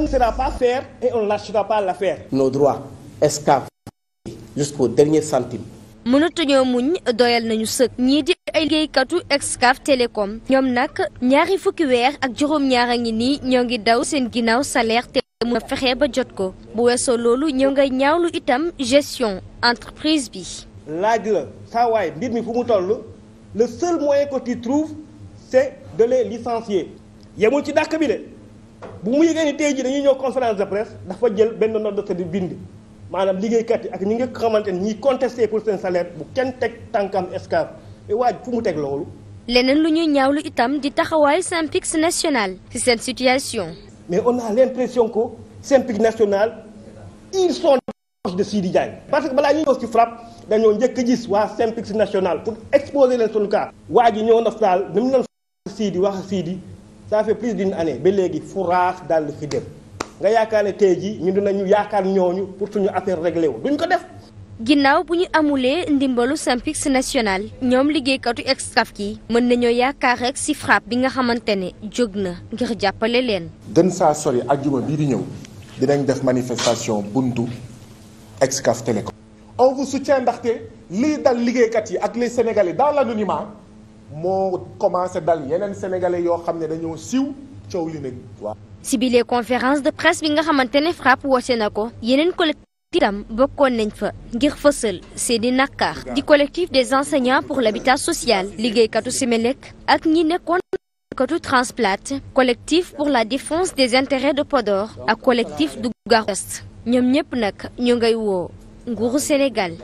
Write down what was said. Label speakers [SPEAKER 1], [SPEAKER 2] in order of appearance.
[SPEAKER 1] ne sera pas faire et on ne lâchera pas l'affaire.
[SPEAKER 2] Nos droits escavés jusqu'au dernier centime.
[SPEAKER 1] mënatuñoo muñ doyal nañu sëkk ñii di ay liggéeykatu Excaf Télécom ñoom nag ñaari fukki weer ak juróom-ñaar a ngi nii ñoo ngi daw seen ginnaaw salaire te mu fexe ba jot ko bu weesoo loolu ñoo ngay ñaawlu itam gestion entreprise bi.
[SPEAKER 2] laaj la saa waay mbir mi fu mu toll le seul moyen que tu trouves c'est de les licencier yemul ci dàkk bi de. bu mu yëgee ni tey jii dañuy ñëw conférence de presse dafa jël benn note di bind maanaam liggéeykat yi ak ñi nga xamante ne ñiy contesté pour seen salaire bu kenn teg tànkam escave te waaj fu mu teg loolu.
[SPEAKER 1] leneen lu ñuy ñaawlu itam di taxawaayu SYNPICS national ci seen situation. mais on a l'impression
[SPEAKER 2] que SYNPICS national ils sont proches de Sidi Diagne. parce que balaa ñuy ñëw ci FRAPP dañoo njëkk a gis waa SYNPICS national pour exposer leen sunu cas. waa ji ñëw na daal ni mu doon Sidi wax Sidi. ça fait plus d'une année ba léegi fourage daal fi dem nga yaakaar ne tey jii ñun dinañu yaakaar ñooñu pour suñu affaire réglé wu duñ ko def.
[SPEAKER 1] ginnaaw bu ñu amulee ndimbalu SYNPICS national ñoom liggéeykatu Excaf yi mën nañoo yaakaar rek si FRAPP bi nga xamante ne jóg na ngir jàppale leen.
[SPEAKER 3] gën saa sori ajjuma bii di ñëw dinañ def manifestation buntu Excaf Télécom. on vous soutient ndaxte lii dal liggéeykat yi ak les sénégalais dans l'anonymat moo commencé dal yeneen sénégalais yoo xam ne dañoo siiw coow li nag waaw.
[SPEAKER 1] si bilee conférence de presse bi nga xamante ne FRAPP woote na ko yeneen collectif itam bokkoon nañ fa ngir fësal seeni nakar di collectif des enseignants pour l'habitat social liggéeykatu Sémélec ak ñi nekkoon katu Transplat collectif pour la défense des intérêts de Podor ak collectif du Gare Ouest ñoom ñëpp nag ñu ngay woo nguuru Sénégal